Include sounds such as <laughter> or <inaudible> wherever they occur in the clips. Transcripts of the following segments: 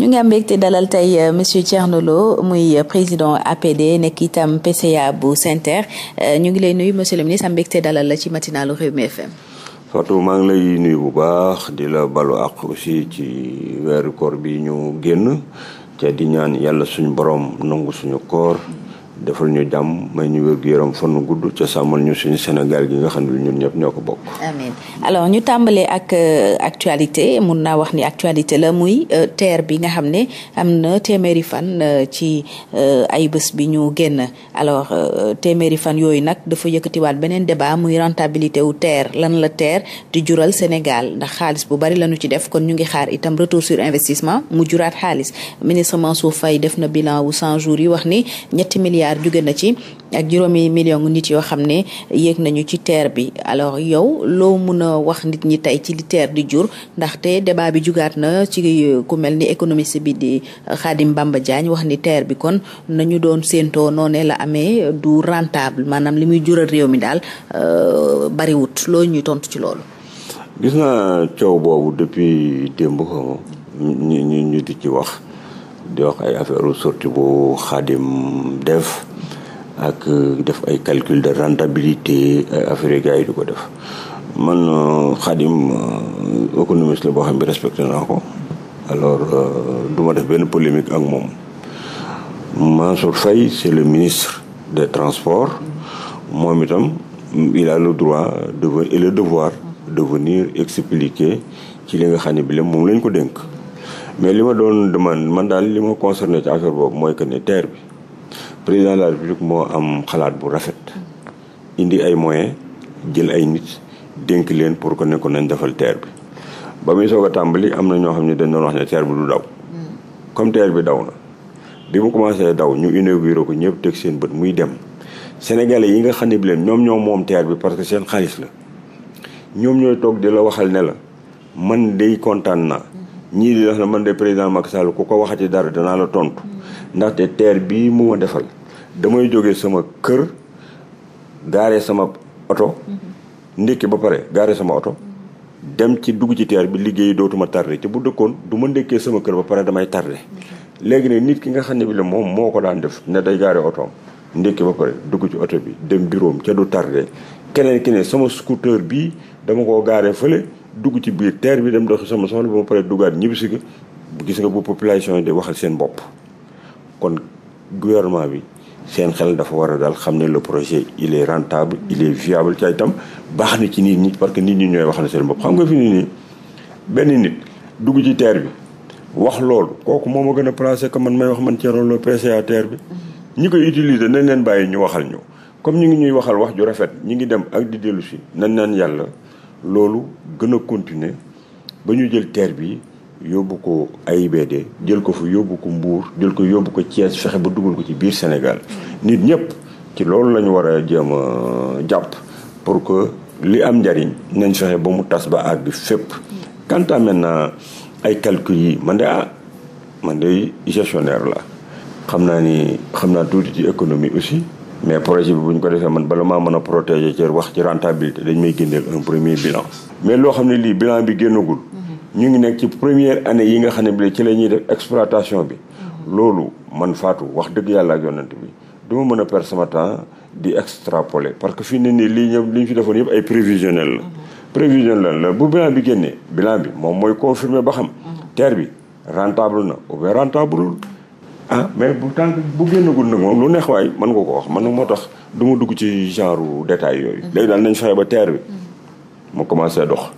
ñu ngi am mbégte dalal tey euh, monsieur Thierno Lo muy euh, président APD nekk itam PCA bu SENTER euh, ñu ngi lay nuyu monsieur le ministre am mbégte dalal la ci matinalu Rewmi FM. Fatou maa ngi lay nuyu bu baax di la balu ak aussi ci weeru koor bi ñu génn te di ñaan yàlla suñu borom nangu suñu koor. defal ñu jàmm may ñu wér gu yaram fan gudd ca sàmmal ñu suñu Sénégal gi nga xam ne ñun ñoo ko bokk. amiin ñu tàmbalee ak euh, actualité mun naa wax ni actualité la muy euh, TER bi nga xam ne am na téeméeri fan euh, ci ay bés bi ñu génn alors téeméeri fan yooyu nag dafa yëkkatiwaat beneen débat muy rentabilité wu TER lan la TER di jural Sénégal ndax xaalis bu bari lañu ci def kon ñu ngi xaar itam retour sur investissement mu juraat xaalis ministre Mansour fay def na bilan wu 100 jours yi wax ni ñetti milliards milliards jóge na ci ak juróomi million nit yoo xam ne yéeg nañu ci teer bi alors yow loo mun a wax nit ñi tey ci li teer di jur ndaxte débat bi jugaat na ci euh, ku mel ni économiste bi di euh, Khadim Bamba Diagne wax ni teer bi kon nañu doon séentoo noonee la amee du rentable maanaam li muy jural réew mi daal euh, bariwut loolu ñuy tontu ci loolu. gis naa coow boobu depuis démb xaw ñu ñu di ci wax. di wax ay affaire sortie bu xaadim def ak def ay calcul de rentabilité ay affaire gars yi di ko def man xaadim euh, euh, économiste la boo xam bi respecté naa ko alors euh, du ma def benn polémique ak moom Mansour Faye c'est le ministre des transport moom itam il a le droit de le devoir de venir ci li xane xam ne moom lañ ko dénk mais li ma doon demande man daal li ma concerné ci affaire boobu mooy que ne terre bi président de la république moo am xalaat bu rafet indi ay moyens jël ay nit dénk leen pour que ne ko nañ defal terre bi ba muy soog a tàmbali am na ñoo xam ne dañ doon wax ne terre bi du daw comme terre bi daw na bi mu commencé daw ñu inauguré ko ñëpp teg seen bët muy dem sénégalais yi nga xam ne bi leen ñoom ñoom moom terre bi parce que seen xaalis la ñoom ñooy toog di waxal ne la man day kontaan naa ñii di wax la man de président Macky Sall ku ko waxati dara danaa la tontu. ndaxte terre bii mu ma defal damay jóge sama kër gaare sama oto. ndékki ba pare gaare sama oto. dem ci dugg ci terre bi liggéey dootuma tardé ci bu dëkkoon du ma ndékkee sama kër ba pare damay tardé. léegi nag nit ki nga xam ne bi la moom moo ko daan def ne day gaare otoom ndékki ba pare dugg ci oto bi dem bureau am ca du tardé keneen ki ne sama scooter bii dama koo gaaree fële. dugg ci biir terre bi dem doxi sama soxla ba ma paree duggaat ñibbisi ga gis nga bu population yi di waxal seen bopp kon gouvernement bi seen xel dafa war a daal xam ne le projet il est rentable il est viable ca itam baax na ci nii ñi parce que nit ñi ñooy waxal seen bopp xam nga fi nii ñi benn nit dugg ci teer bi wax loolu kooku moom ma gën a placé que man may wax man Thierno Lo PCA terre bi ñi koy utiliser nañ leen bàyyi ñu waxal ñu comme ñu ngi ñuy waxal wax ju rafet ñi ngi dem ak di dellu nañ naan yàlla loolu gën a continuer ba ñu jël terre bi yóbbu ko ay AIBD jël ko fu yóbbu ko Mbour jël ko yóbbu ko Thiès fexe ba dugal ko ci biir Sénégal nit ñëpp ci loolu la ñu war a jéem jàpp pour que li am njariñ nañ fexe ba mu tas ba àgg fépp quant à maintenant ay calcul yi man de ah man de gestionnaire la xam naa ni xam naa tuuti ci économie aussi mais projet bi bu ñu ko defee man bala maa mën a protéger cër wax ci rentabilité dañ may génneel un premier bilan. mais loo xam ne lii bilan bi génnagul. ñu ngi nekk ci première année yi nga xam ne bi ci la ñuy def exploitation bi. loolu man Fatou wax dëgg yàlla ak yonent bi duma mën a perdre sama temps di extrapoler parce que fii ne nii lii ñëpp li ñu fi defoon yëpp ay prévisionnel la. prévisionnel la bu bilan bi génnee bilan bi moom mooy confirmer ba xam. terre bi na ou ah mais bu tant bu génnagul nag moom lu neex waay mën nga ko wax man nag moo tax du ma dugg ci genre détail yooyu. Mhm. léegi daal nañ soxee ba terre bi. Mhm. mu commencé dox.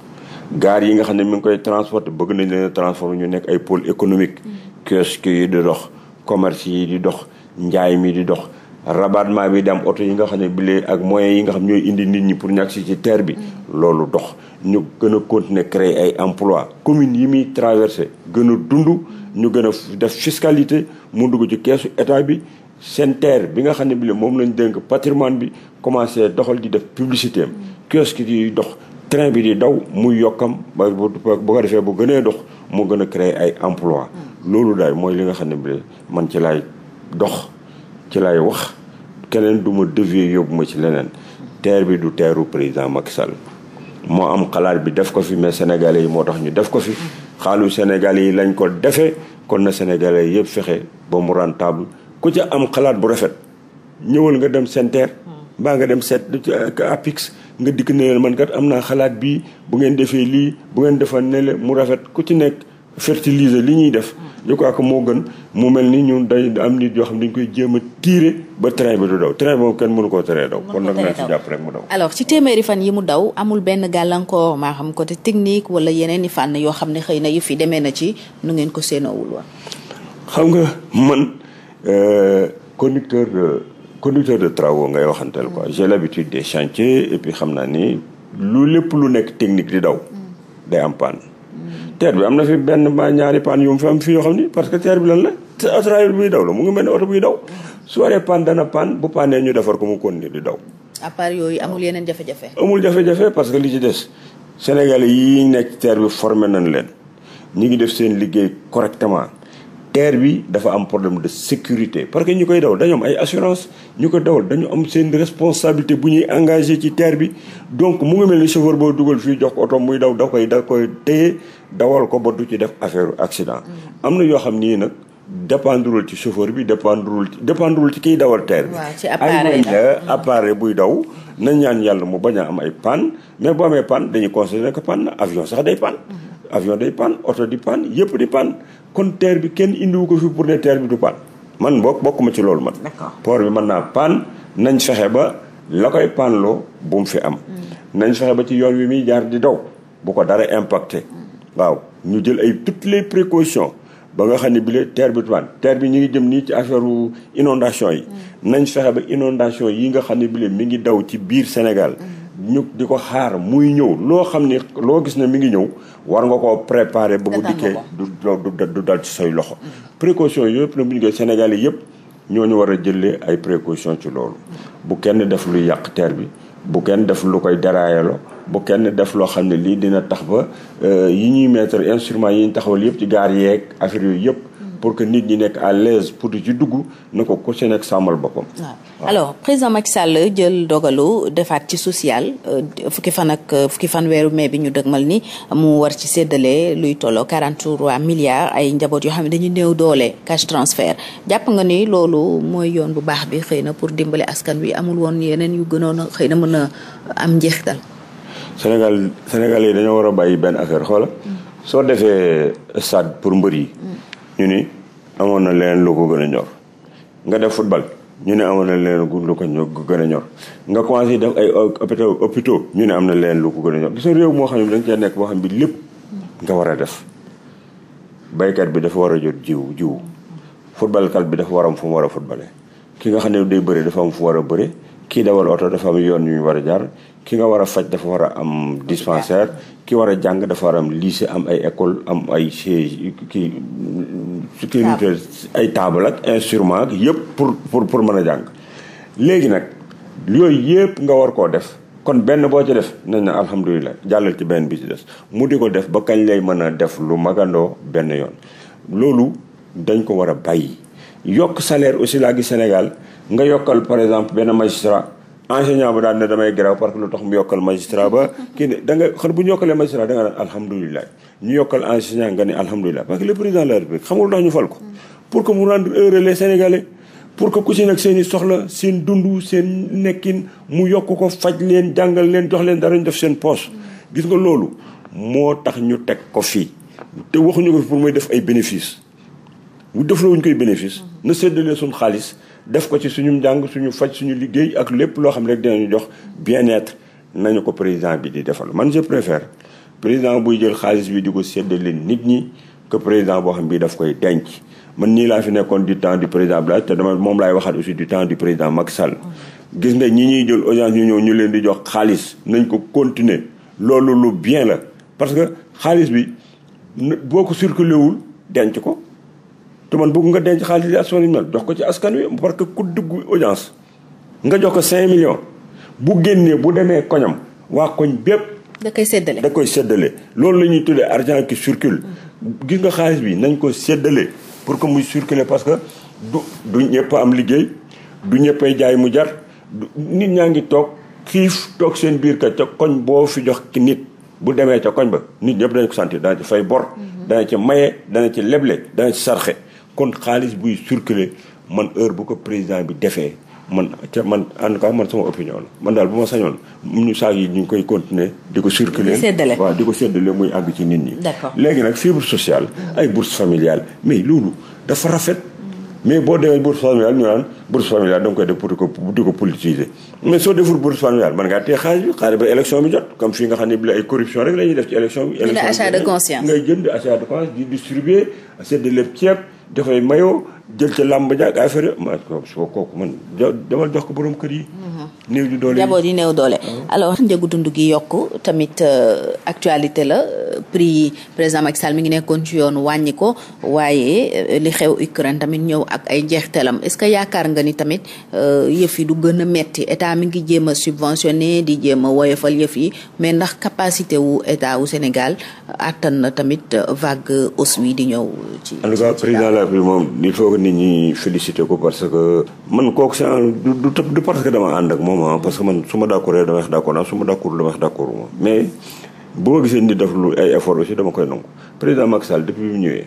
gar yi nga xam ne mi ngi koy transporter bëgg nañ leen a ñu nekk ay pôle économique. Mhm. kiosque yi di dox commerce yi di dox njaay mi di dox. rabattement bii dem oto yi nga xam ne bile ak moyens yi nga xam ñooy indi nit ñi pour ñàkk si ci terre bi. loolu dox ñu gën a continuer créer ay emploi commune yi muy traversé gën a dund. ñu gën a def fiscalité mu dugg ci keesu état bi seen terre bi nga xam ne bi moom lañ dénk patrimoine bi commencé doxal di def publicité am kiosque di dox train bi di daw muy yokkam ba bu ko defee bu gënee dox moo gën a créer ay emploi loolu daal mooy li nga xam ne bi man ci laay dox ci lay wax keneen du ma dévier ci leneen terre bi du teeru président Macky Sall moo am xalaat bi def ko fi mais sénégalais yi moo tax ñu def ko fi xaalu Sénégal yi lañ ko defee kon na Sénégalais yëpp fexe ba mu rentable ku ca am xalaat bu rafet ñëwal nga dem SENTER hmm. mbaa nga dem seet APIX nga dikk ne man kat am naa xalaat bii bu ngeen defee lii bu ngeen defal ne mu rafet ku ci nekk fertiliser li ñuy def hmm. je crois que moo gën mu mel ni ñun day am nit yoo xam dañ koy jéem a tiire ba train bi du daw train boobu kenn mënu koo teree daw kon nag nañ ci jàpp rek mu daw alors ci téeméeri fan yi mu daw amul benn gàllankoor maa xam côté technique wala yeneen i fànn yoo xam ne xëy na yu fi demee na ci nu ngeen ko séenoowul nga man euh, conducteur de conducteur de travaux ngay waxanteel ko j'ai l'habitude des chantiers et puis xam naa ni lu lépp lu nekk technique di daw mm. day am panne teer bi am na fi benn ba ñaari paan yu mu fi am fi yoo xam ni parce que teer bi lan la te autorail buy daw la mu ngi mel ne oto buy daw su waree paan dana paan bu paanee ñu defar ko mu continuer di daw. à part yooyu amul yeneen jafe-jafe. amul jafe-jafe parce que li ci des Sénégal yi nekk teer bi formé nañ leen ñu ngi def seen liggéey correctement. terre bi dafa am problème de sécurité parce que ñu koy dawal dañu am ay assurance ñu ko dawal dañu am seen responsabilité bu ñuy engagé ci terre bi donc mu ngi mel ni chauffeur boo dugal fii jox ko oto muy daw da koy da koy téye dawal ko ba du ci def affaire accident mm. am na yoo xam nii nag dépendrul ci chauffeur bi dépendrul dépendrul ci kiy dawal terre bi ay la mm. appareil buy daw nañ ñaan yàlla mu bañ am ay panne mais bu amee panne dañuy considérer que panne avion sax day panne mm-hmm. avion day panne oto di panne yëpp di panne kon terre bi kenn indiwu ko fi pour ne terre bi du panne man bokk ma ci loolu man. port bi man naa panne nañ fexe ba la koy panloo bu mu fi am. Hmm. nañ fexe ba ci yoon wi muy jaar di daw bu ko dara impacte hmm. waaw ñu jël ay toutes les précautions ba nga xam ne bi la terre bi du panne terre bi ñu ngi jëm nii ci affaire inondation yi. Hmm. nañ fexe ba inondation yi nga xam ne bi mi ngi daw ci biir Sénégal. ñu di ko xaar muy ñëw loo xam ni loo gis ne mi ngi ñëw war nga koo préparer ba mu dikkee du du dal ci say loxo mm-hmm. précaution yëpp na bu ñu koy Sénégal yi yëpp war a jëlee ay précaution ci loolu mm-hmm. bu kenn def lu yàq terre bi bu kenn def lu koy daraayaloo bu kenn def loo xam ne lii dina tax ba euh, yi ñuy mettre instruments yi ñu taxawal yëpp ci gaar yeeg affaire yooyu yëpp pour que nit ñi nekk à l'aise pour di ci dugg na ko ku ci nekk sàmmal boppam. waaw alors président Macky Sall jël dogalu defaat ci social euh, fukki fan ak euh, fukki fan weeru mai bi ñu dëgmal ni mu war ci seddale luy tolloo 43 milliards ay njaboot yoo xam ne dañu néew doole cash transfert jàpp nga ni loolu mooy yoon bu baax bi xëy na pour dimbali askan wi amul woon yeneen yu gënoon a xëy na mën a am njeexital. Sénégal yi dañoo war a bàyyi benn affaire ñu ni amoon na leen lu ko gën a ñor nga def football ñu ne amoon na leneen lu ko gën a ñor nga commencé def ay hôpitaux hôpitaux ñu ne am na leen lu ko gën a ñor gis réew moo xam ne da nga cee nekk boo xam ne bi lépp nga war a def baykat bi dafa war a jot jiw jiw footballkat bi dafa war am fu mu war a footballé ki nga xam ne day bëri dafa am fu war a bëri kii dawal oto dafa yoon yu ñu war a jaar ki nga war a faj dafa war a am dispensaire ki war a jàng dafa war a am lycée am ay école am ay siège kii kii ay taabal ak instrument ak yëpp pour pour pour mën a jàng léegi nag yooyu yëpp nga war koo def kon benn boo ci def nañ na alhamdulilah jàllal ci benn bi mu di ko def ba kañ lay mën a def lu magandoo benn yoon loolu dañ ko war a bàyyi yokk salaire aussi laa gis Sénégal nga yokkal par exemple benn magistrat enseignant ba daan ne damay grève parce que lu tax mu yokkal magistrat ba kii ne da xam bu ñu yokkalee magistrat da nga naan ñu yokkal enseignant nga ne alhamdulilah parce que le président de la république xamul tax ñu fal ko pour que mu rendre heureux les sénégalais pour que ku si nekk seen soxla seen dund seen nekkin mu yokk ko faj leen jàngal leen jox leen dara ñu def seen poche gis nga loolu moo tax ñu teg ko fii te waxuñu ko pour muy def ay bénéfice bu deflawuñu koy bénéfice na séddalee suñ xaalis def ko ci suñu njàng suñu faj suñu liggéey ak lépp loo xam rek ñu jox bien-être nañu ko président bi di defal man je préfère président buy jël xaalis bi di ko séddale nit ñi que président boo xam bii daf koy denc man nii laa fi nekkoon du temps du président Blaise te dama moom laay waxaat aussi du temps du président Macky Sall. gis nga ñi ñuy jël audience ñu ñëw ñu leen di jox xaalis nañ ko continuer loolu lu bien la parce que xaalis bi boo ko circulé denc ko. te man bëgg nga denc xaalis li askan wi mel jox ko ci askan wi parce que ku dugg audience nga jox ko 5 millions bu génnee bu demee koñam waa koñ bépp. da koy séddale da koy séddale loolu la ñuy tuddee argent ki circule. gis nga xaalis bi nañ ko séddale pour que muy circuler parce que du du ñëpp am liggéey du ñëppay jaay mu jar nit ñaa ngi toog xiif toog seen biir ka ca koñ boo fi jox ki nit. bu demee ca koñ ba nit ñëpp dañ ko sentir dana ci fay bor. Mm-hmm. dana ci maye dana ci leble dana ci sarxe. kon xaalis buy circuler man heure bu ko président bi defee man ca man en tout cas man sama opinion man daal bu ma sañoon ñu saag yi ñu ngi koy continuer di ko circuler waaw nit ñi léegi nag fibre sociale ay bourse familiale mais loolu dafa rafet mais boo demee bourse familiale ñu naan bourse familiale da nga koy def pour ko di ko politiser mais soo deful bourse familiale man ngaa téye xaalis bi xaalis ba élection bi jot comme fii nga xam ne bi la corruption rek la def ci élection bi élection ngay jënd achat de conscience di distribuer dafay mayoo jël ca làmb ja ak affaire ma ko soo kooku man jox ko borom kër yi néew di doole njaboot yi néew doole. Oh. alors njëgu dund gi yokk tamit euh, actualité la prix yi président Macky Sall mi ngi nekkoon ci yoon wàññi waaye euh, li xew Ukraine tamit ñëw ak ay jeexteelam est-ce que yaakaar nga ni tamit euh, yëf yi du gën a metti état mi ngi jéem a subventionné di jéem a woyofal yëf yi mais ndax capacité wu état wu Sénégal attan na tamit vague hausse di ñëw. ci en tout cas la République moom il faut que nit ñi félicité ko parce que man kooku c'est du parce que dama ak moom ah, parce que man su ma d'accord damay wax d'accord naa su ma d'accord damay wax d'accord moom def lu dama koy nangu président Macky Sall depuis bi mu ñëwee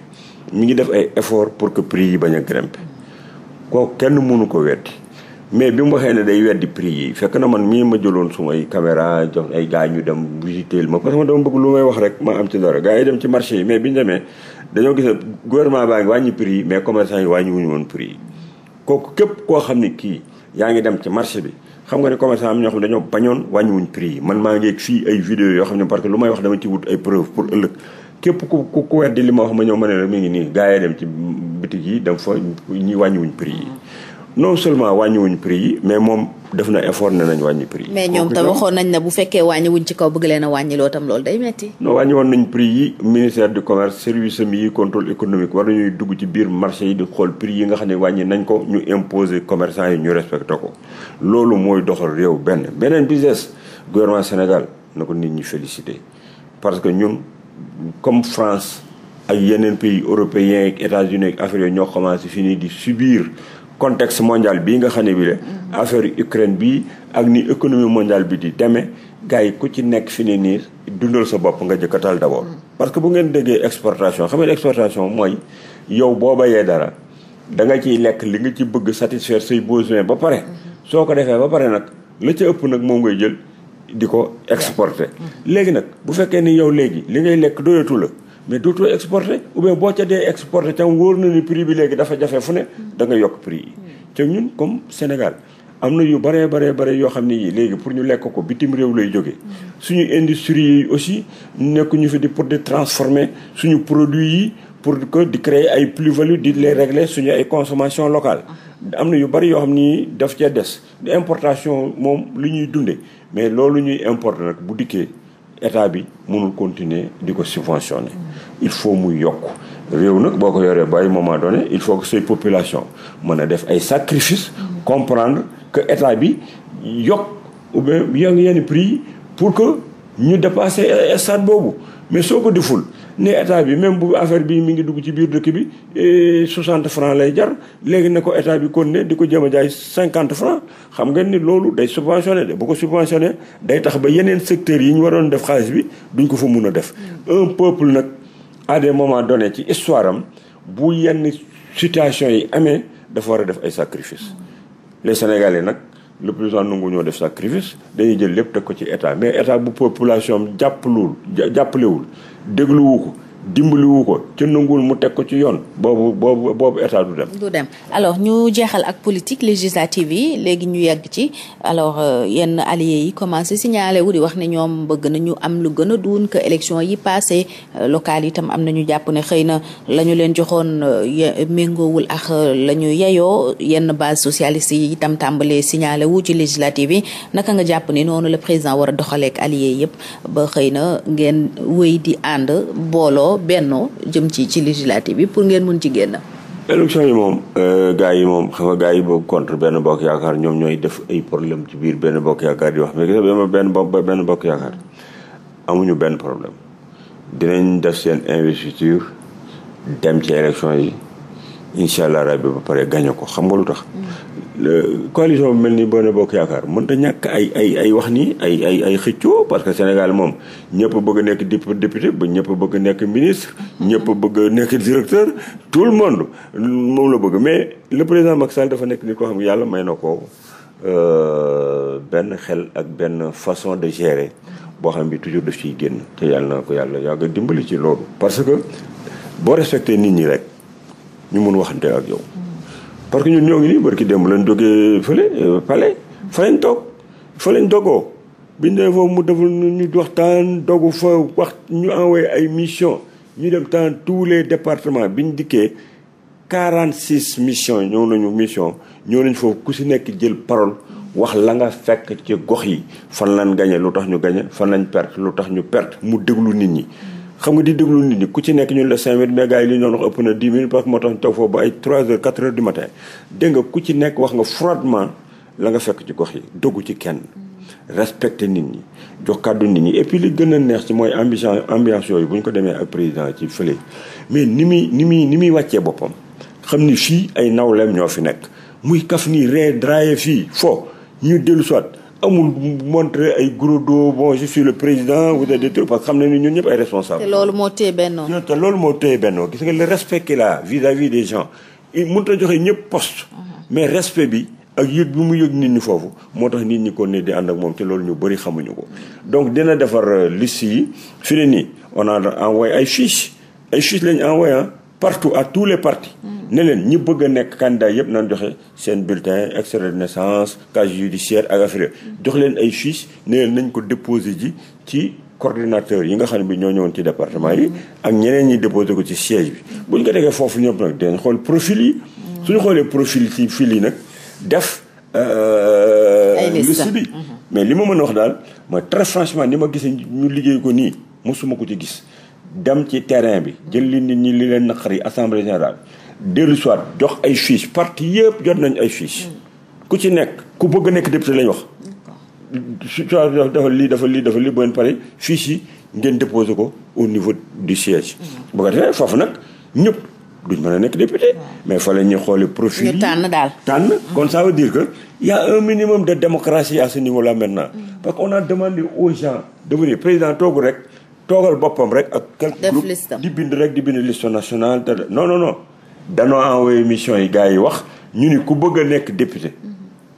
mi ngi def ay effort pour que prix yi bañ a grimper kenn mënu ko weddi mais bi mu waxee ne day weddi prix yi fekk na man mii ma jëloon sumay caméra jox ay gars ñu dem visiteel ma parce que man may wax rek ma am ci dara gars yi dem ci marché yi mais bi ñu demee dañoo gis ne gouvernement baa ngi wàññi prix yi mais commerçant yi wàññi wuñu woon prix yi kooku képp koo xam ni kii yaa ngi dem ci marché bi xam nga ne commerçant am ñoo xam ne dañoo bañoon wàññiwuñ prix yi man maa ngi fii ay vidéo yoo xam ne parce que lu may wax dama ci wut ay preuve pour ëllëg képp ku ku ku weddi li ma wax ma ñëw ma la mi ngi nii gars dem ci bitig yi dem fa ñi wàññiwuñ prix yi non seulement wàññiwuñ prix yi mais moom def na effort ne nañ wàññi prix mais ñoom tam waxoon nañ ne bu fekkee wàññi wuñ ci kaw bëgg leen a wàññi loo tam loolu day metti non wàññi woon nañ prix yi ministère du commerce service mi yi contrôle économique war nañuy dugg ci biir marché yi di xool prix yi nga xam ne wàññi nañ ko ñu imposer commerçant yi ñu respecté ko loolu mooy doxal réew benn beneen bi des gouvernement Sénégal na ko nit ñi félicité parce que ñun comme France ak yeneen pays européens ak États-Unis ak Afrique ñoo commencé fii nii di subir contexte mondial bii nga xam ne bi la affaire Ukraine bi ak ni économie mondiale bi di demee gars yi ku ci nekk fi ne nii dundal sa bopp nga jëkkatal d'abord parce que bu ngeen déggee exportation xam ngeen exportation mooy yow boo bayee dara da nga ciy lekk li nga ci bëgg satisfaire say besoin ba pare soo ko defee ba pare nag la ci ëpp nag moom ngay jël di ko exporter léegi nag bu fekkee ni yow léegi li ngay lekk doyatu la mais dootoo exporté ou bien boo ca dee exporté tam wóor na ni prix bi léegi dafa jafe fu ne da nga yokk prix yi te ñun comme Sénégal am na yu baree baree bare yoo xam ni léegi pour ñu lekk ko bitim réew lay jóge suñu industrie yi aussi nekk ñu fi di pour di transformer suñu produit yi pour que di créer ay plus-value di les régler suñu ay consommation locale am na yu bari yoo xam ni daf cee des importation moom lu ñuy dunde mais loolu ñuy importer rek bu dikkee état bi mënul continuer di ko subventionner il faut mu yokk réew nag boo ko yoree ba ay moment donné il faut que say population mën a def ay sacrifice comprendre que état bi yokk ou bien yenn yenn prix pour que ñu dépasser stade boobu mais soo ko deful ne état bi même bu affaire bi mi ngi dugg ci biir dëkk bi 60 eh, francs lay jar léegi ne ko état bi kon ne di ko jëm a jaay 50 francs xam nga ni loolu day subventionné de bu ko subventionné day tax ba yeneen secteurs yi ñu waroon def xaalis bi duñ ko fa mun a def mm. à des moments donnés ci histoire am bu yenn situation yi amee dafa war a def ay sacrifice les sénégalais nag le président nangu ñoo def sacrifice dañuy jël lépp teg ko ci état mais état bu population am jàppalewul jàppalewul dégluwu ko dimbaliwu ko ci nanguwul mu teg ko ci yoon boobu boobu boobu état du dem. du alors ñu jeexal ak politique législative yi léegi ñu yegg ci alors euh, yenn alliés yi commencé signalé wu di wax ne ñoom bëgg nañu am lu gën a duun que élection yi passé euh, locales yi tam am ñu jàpp ne xëy na la ñu leen joxoon euh, méngoowul ak la ñu yeyoo yenn base socialiste yi itam tàmbalee signalé wu ci législative yi naka nga jàpp ni noonu la président war a doxaleek alliés yëpp ba xëy na ngeen wéy di ànd booloo. woo bennoo jëm ci ci législative bi pour ngeen mën ci génn. élection yi moom euh, gars yi moom xam nga yi boobu contre benn bokk yaakaar ñoom ñooy def ay problème ci biir benn bokk yaakaar di wax mais gis nga benn bokk benn bokk yaakaar amuñu benn problème dinañ def seen investiture dem ci élection yi incha allah rabi ba pare gagné ko xam nga lu tax. Mm. coalition bu mel ni Benno Bokk Yaakaar mënta ñàkk ay ay ay wax ni ay ay ay xëccoo parce que Sénégal moom ñëpp bëgg nekk député ba ñëpp bëgg nekk ministre ñëpp bëgg nekk directeur tout le monde moom la bëgg mais le président Macky Sall dafa nekk nit koo xam yàlla may na ko euh, benn xel ak benn façon de gérer boo xam bi toujours daf ciy génn te yàlla na ko yàlla yàgg dimbali ci loolu parce que boo respecté nit ñi rek ñu mun waxante ak yow parce que ñu ñoo ngi nii barki démb lañ jógee fële fale euh, fa lañ toog fa lañ dogoo biñ ne foofu mu deful ñu waxtaan dogu fa wax ñu envoyé ay mission ñu dem dans tous les bi ñu dikkee 46 missions ñëw nañu mission ñëw nañu foofu ku si nekk jël parole wax la nga fekk ci gox yi fan lañ gañe lu tax ñu gañe fan lañ perte lu tax ñu perte mu déglu nit ñi xam nga di déglu nit ñi ku ci nekk ñu la cinq mille yi li ñu doon wax ëpp na dix mille parce que moo tax ñu toog foofu ba ay trois heures quatre heures du matin dégg nga ku ci nekk wax nga froidement la nga fekk ci gox yi doggu ci kenn respecté nit ñi jox kàddu nit ñi et li gën a neex ci mooy ambition ambiance yooyu bu ñu ko demee ak président ci fële mais ni muy ni muy ni muy wàccee boppam xam ni fii ay nawleem ñoo fi nekk muy kaf nii ree draaye fii fo ñu dellu soit amul montré ay gros dos bon je le président vous êtes des trucs parce que xam nañ ne ñun ñëpp ay responsable te loolu moo téye bennoo te loolu moo téye bennoo gis nga le respect qu'il a vis-à-vis des gens mënut a joxe ñëpp poste mhm. mais respect bi ak yëg bi mu yëg nit ñi foofu moo tax nit ñi kon ne di ànd ak moom te loolu ñu bëri xamuñu ko donc dina defar euh, liste yi fi ne nii on a envoyé ay fiches ay fiches lañu envoyé partout à tous les partis. Mhm. ne leen ñi bëgg a nekk candidat yëpp nañ joxe seen bulletin extrait de naissance casier judiciaire ak affaire jox leen ay fiche ne leen nañ ko déposé ji ci coordinateur yi nga xam ne bi ñoo ñëwoon ci département yi ak ñeneen ñi déposé ko ci siège bi buñ ko tegee foofu ñoom nag dañ xool profil yi suñu xoolee profil ci fil yi nag def euh, liste bi mhm. mais li ma mën a wax daal mooy très franchement ni ma gisee ñu liggéey ko nii mosuma ko ci gis dem ci terrain bi jël li nit ñi li leen naqar yi assemblée générale dellu soit jox ay fiches parti yëpp jot nañ ay fiches. ku ci nekk ku bëgg nekk député lañ wax. dafa lii dafa lii dafa lii ba ngeen pare fiches yi ngeen déposé ko au niveau du siège. bu ko defee foofu nag ñëpp duñ mën a nekk député. mais fa la ñuy xoolee profil yi tànn daal tànn. kon ça veut dire que y a un minimum de démocratie à ce niveau là maintenant. Mm. parce que on a demandé aux gens de président toogu rek toogal boppam rek ak. quelques groupes di bind rek di bind liste nationale non non non. danoo envoyé mission yi gars yi wax ñu ni ku bëgg a nekk député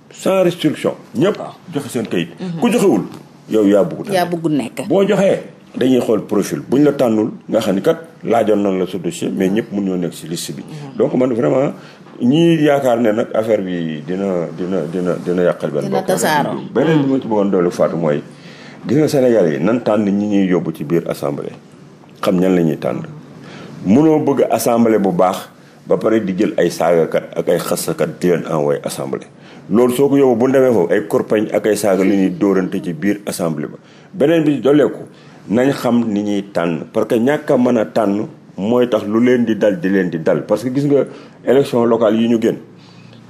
sans restriction ñëpp joxe seen kayit ku joxewul yow yaa bëggu yaa bëggu nekk boo joxee dañuy xool profil buñ la tànnul nga xam ni kat laajoon nañ la sa dossier mais ñëpp mun ñoo nekk ci liste bi mhm. donc man vraiment ñii yaakaar ne nag affaire bi dina dina dina dina yàqal benn bopp beneen bi ma ci bëggoon doolu Fatou mooy gis nga Sénégal yi nan tànn ñi ñuy yóbbu ci biir assemblée xam ñan la ñuy tànn mënoo bëgg assemblée bu baax ba pare di jël ay saagakat ak ay xasakat di leen envoyé assemblée loolu soo ko yóbbu bu demee foofu ay korpañ ak ay saaga li ñuy dóorante ci biir assemblée ba beneen bi doleeku nañ xam ni ñuy tànn parce que ñàkk a mën a tànn mooy tax lu leen di dal di leen di dal parce que gis nga élection locale yi ñu génn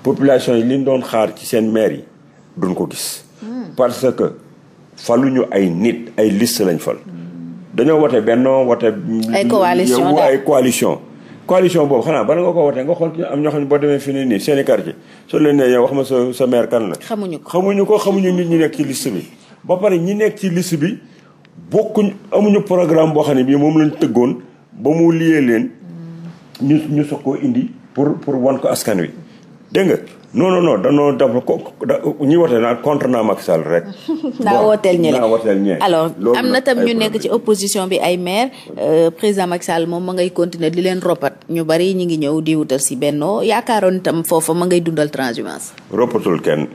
population yi li ñu doon xaar ci seen maire yi duñ ko gis hmm. parce que faluñu ay nit ay liste lañ fal hmm. dañoo wote bennoo wote ay coalition coalition boobu xanaa bala nga ko wootee nga xool ci am ñoo xam ne boo demee fi ne nii seen i quartier soo leen nee yow wax ma sa sa maire kan la. xamuñu ko xamuñu ko xamuñu nit ñi nekk ci liste bi. ba pare ñu nekk ci liste bi bokkuñ amuñu programme boo xam ne bii moom lañu tëggoon ba mu liyee leen. Mm. ñu ñu soog koo indi pour pour wan ko askan wi dégg nga. non non non danoo daf ñi woote naa contre naa Macky Sall rek. naa <laughs> wooteel ñële naa wooteel am na tam ñu nekk ci opposition bi ay maire euh, président Macky moom ma ngay continuer di leen ropat ñu bari ñu ngi ñëw di wutal si Benno yaakaaroon itam foofa ma ngay dundal transhumance. ropatul kenn.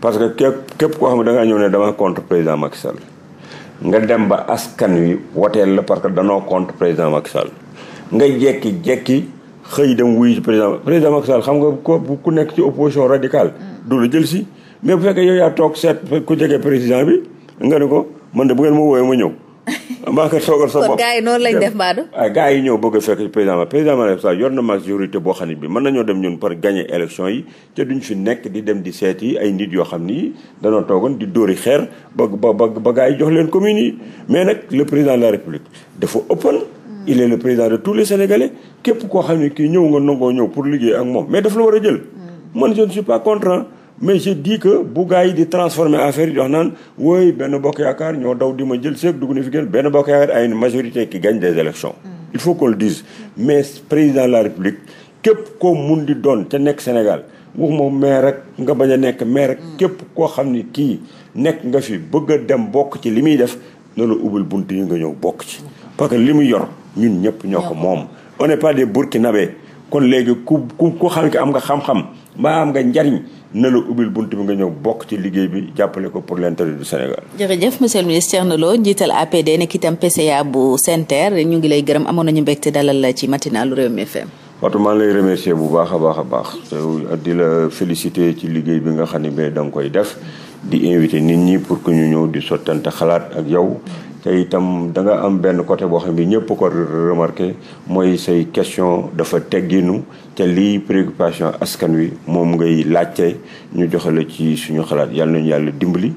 parce que képp képp koo xam ne da ñëw ne dama contre président Macky nga dem ba askan wi woteel la parce que danoo contre président Macky Sall nga jekki jekki. xëy dem wuyu ci président président Macky Sall xam nga ko ku nekk ci opposition radicale du la jël si mais bu fekkee yow yaa toog seet ku jege président bi nga ne ko man de bu ngeen ma wooyee ma ñëw <laughs> maa ngi koy toogal ah, yi ñëw bëgg a président ma président Macky Sall yor na majorité xam ne bi mën nañoo dem ñun par gagner élection yi te duñ fi nekk di dem di seet yi ay nit yoo xam ni danoo toogoon di dóori xeer ba ba ba gars yi jox leen commune yi mais nag le président de la république dafa ëppoon. il est le président de tous les sénégalais képp koo xam ne kii ñëw nga nangoo ñëw pour liggéey ak moom mais daf la war a jël. man je ne suis pas contre mais je dis bu gaa yi di transformer affaire yi di wax naan wooy benn bokk yaakaar ñoo daw di ma jël seeg dugg na fi gën benn bokk yaakaar ay une majorité ki gagne des élections mm. il faut qu'on le dise mais président de la république képp koo mun di doon ca nekk Sénégal moom mais rek nga bañ a nekk maire rek mm. képp koo xam ni kii nekk nga fi bëgg a dem bokk ci li muy def na la ubbil nga ñëw bokk ci mm. parce que li muy yor ñun ñëpp ñoo ko moom on n'est pas des burkinabé kon léegi ku ku ku xam am nga xam-xam mbaa am nga njariñ na la ubbil bunt bi nga ñëw bokk ci liggéey bi jàppale ko pour l'intérêt du Sénégal. jërëjëf monsieur le ministre Thierno Lo njiital APD nekk itam PCA bu SENTER ñu ngi lay gërëm amoon nañu te dalal la ci matinalu Rewmi FM. Fatou maa ngi lay remercier bu baax a baax a baax di la féliciter ci liggéey bi nga xam ne da nga koy def di invité nit ñi pour que ñu ñëw di sottante xalaat ak yow. te itam da nga am benn côté boo xam ne ñëpp ko remarqué mooy say question dafa teggiinu te lii préoccupation askan wi moom ngay laajte ñu joxe la ci suñu xalaat yàlla nañu yàlla dimbali.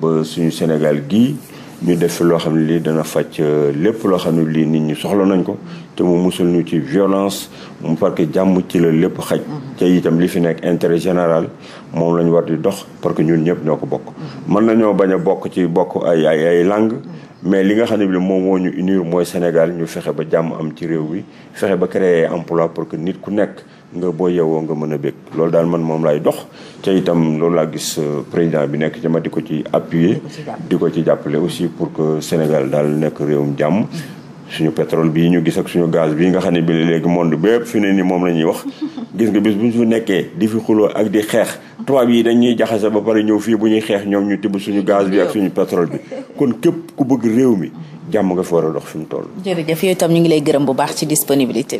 ba suñu Sénégal gii ñu def loo xam ne lii dana faj euh, lépp loo xam ne lii nit ñi soxla nañ ko te mu musul nu ci violence mu parce jàmm ci la lépp xaj. te itam li fi nekk intérêt général moom la ñu war di dox parce que ñun ñëpp ñoo ko bokk. Mm-hmm. mën nañoo bañ a bokk ci bokk ay ay ay langue mais li nga xam ne bi moom moo ñu unir mooy Sénégal ñu fexe ba jàmm am ci réew bi fexe ba créer emploi pour que nit ku nekk nga boo yewoo nga mën a bég loolu daal man moom laay dox te itam loolu laa gis euh, président bi nekk ci ma di ko ci appuyer di ko ci jàppale aussi pour que Sénégal daal nekk réewum jàmm suñu pétrole bii ñu gis ak suñu gaz bii nga xam ne bi léegi monde bépp fi ne ni moom la ñuy wax gis nga bis bu ñu fi nekkee di fi xuloo ak di xeex tubaab yi dañuy jaxase ba pare ñëw fii bu ñuy xeex ñoom ñu tibb suñu gaz bi ak suñu pétrole bi kon képp ku bëgg réew mi jàmm nga fi war a dox fi mu ñu ngi lay gërëm bu baax ci disponibilité